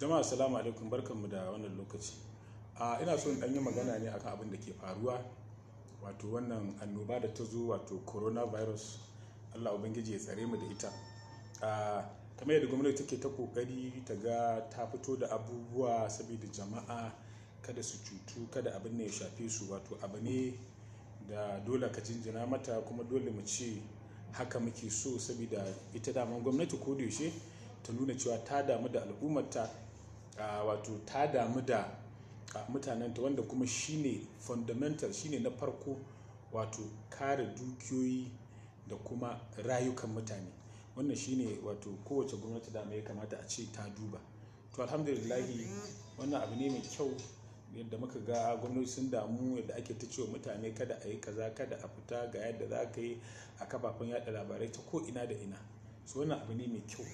jama'a salamu alaikum barkanmu da wannan lokaci a ina so in yi magana ne akan abin da ke faruwa wato wannan annoba da ta zo wato coronavirus allah ubangiji ya tsare mu da ita a kamar yadda gwamnati take ta kokari ta ga ta fito da abubuwa saboda jama'a kada su cutu kada abin ne ya shafe su wato abu ne da dole ka jinjina mata kuma dole mu ce haka muke so saboda ita daman gwamnati ko da yaushe ta nuna cewa ta damu da al'ummarta wato ta damu da mutanenta wanda kuma shine fundamental shine na farko wato kare dukiyoyi da kuma rayukan mutane wannan shine wato kowace gwamnati da ya kamata a ce ta duba to alhamdulillahi wannan abu ne mai kyau yadda muka ga gwamnati sun damu yadda ake ta cewa mutane kada a yi kaza kada a fita ga yadda za ka yi a kafafen yada labarai ta ko ina da ina so wani abu ne mai kyau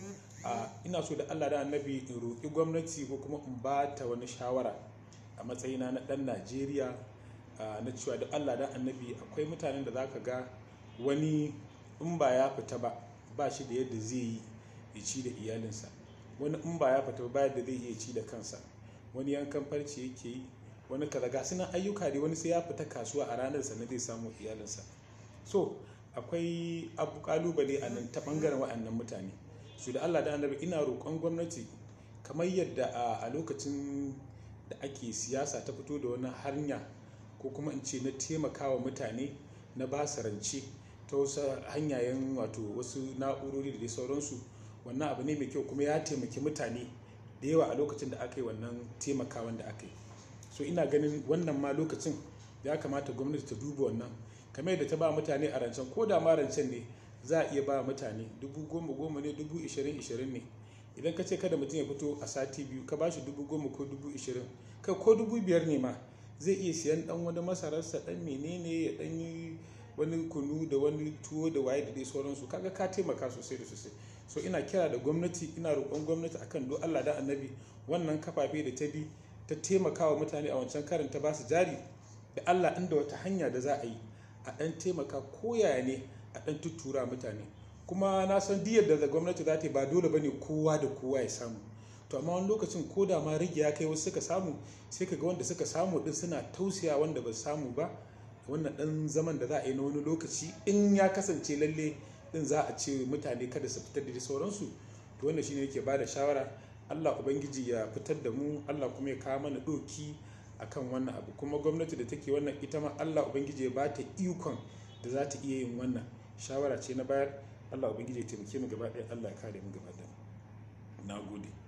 a ina so da Allah da annabi in roƙi gwamnati ko kuma in ba ta wani shawara a matsayina na ɗan Najeriya na cewa da Allah da annabi akwai mutanen da zaka ga wani in ba ya fita ba ba shi da yadda zai yi ya ci da iyalinsa wani in ba ya fita ba yadda zai iya ci da kansa wani yankan farce yake yi wani kaza ga suna ayyuka ne wani sai ya fita kasuwa a ranar sa na zai samu iyalinsa so akwai abu kalubale a nan ta bangaren waɗannan mutane su da Allah da annabi ina roƙon gwamnati kamar yadda a lokacin da ake siyasa ta fito da wani hanya ko kuma in ce na taimakawa mutane na basa rance ta wasu hanyayen wato wasu na'urori da dai sauransu wannan abu ne mai kyau kuma ya taimaki mutane da yawa a lokacin da aka yi wannan taimakawan da aka yi so ina ganin wannan ma lokacin ya kamata gwamnati ta duba wannan kamar da ta ba mutane a rancen ko da ma rancen ne za a iya ba mutane dubu goma goma ne dubu ishirin ishirin ne idan ka ce kada mutum ya fito a sati biyu ka ba shi dubu goma ko dubu ishirin kai ko dubu biyar ne ma zai iya siyan dan wani masararsa dan menene ya dan yi wani kunu da wani tuwo da waye da dai sauransu kaga ka taimaka sosai da sosai so ina kira da gwamnati ina roƙon gwamnati akan do Allah da annabi wannan kafafe da ta bi ta taimakawa mutane a wancan karin ta ba su jari da Allah inda wata hanya da za a yi a ɗan taimaka koyaya ne a ɗan tuttura mutane kuma na san diyar da gwamnati za ta yi ba dole ba ne kowa da kowa ya samu to amma wani lokacin ko da ma rigi ya kai wasu suka samu sai ka ga wanda suka samu din suna tausaya wanda ba samu ba wannan ɗan zaman da za a yi na wani lokaci in ya kasance lalle din za a ce mutane kada su fitar da sauransu to wannan shine yake ba da shawara Allah Ubangiji ya fitar da mu Allah kuma ya kawo mana ɗoki akan wannan abu kuma gwamnati da take wannan ita ma Allah ubangiji ya ta ikon da za ta iya yin wannan shawara ce na bayar Allah ubangiji ya taimake mu gaba ɗaya Allah ya kare mu gaba ɗaya na gode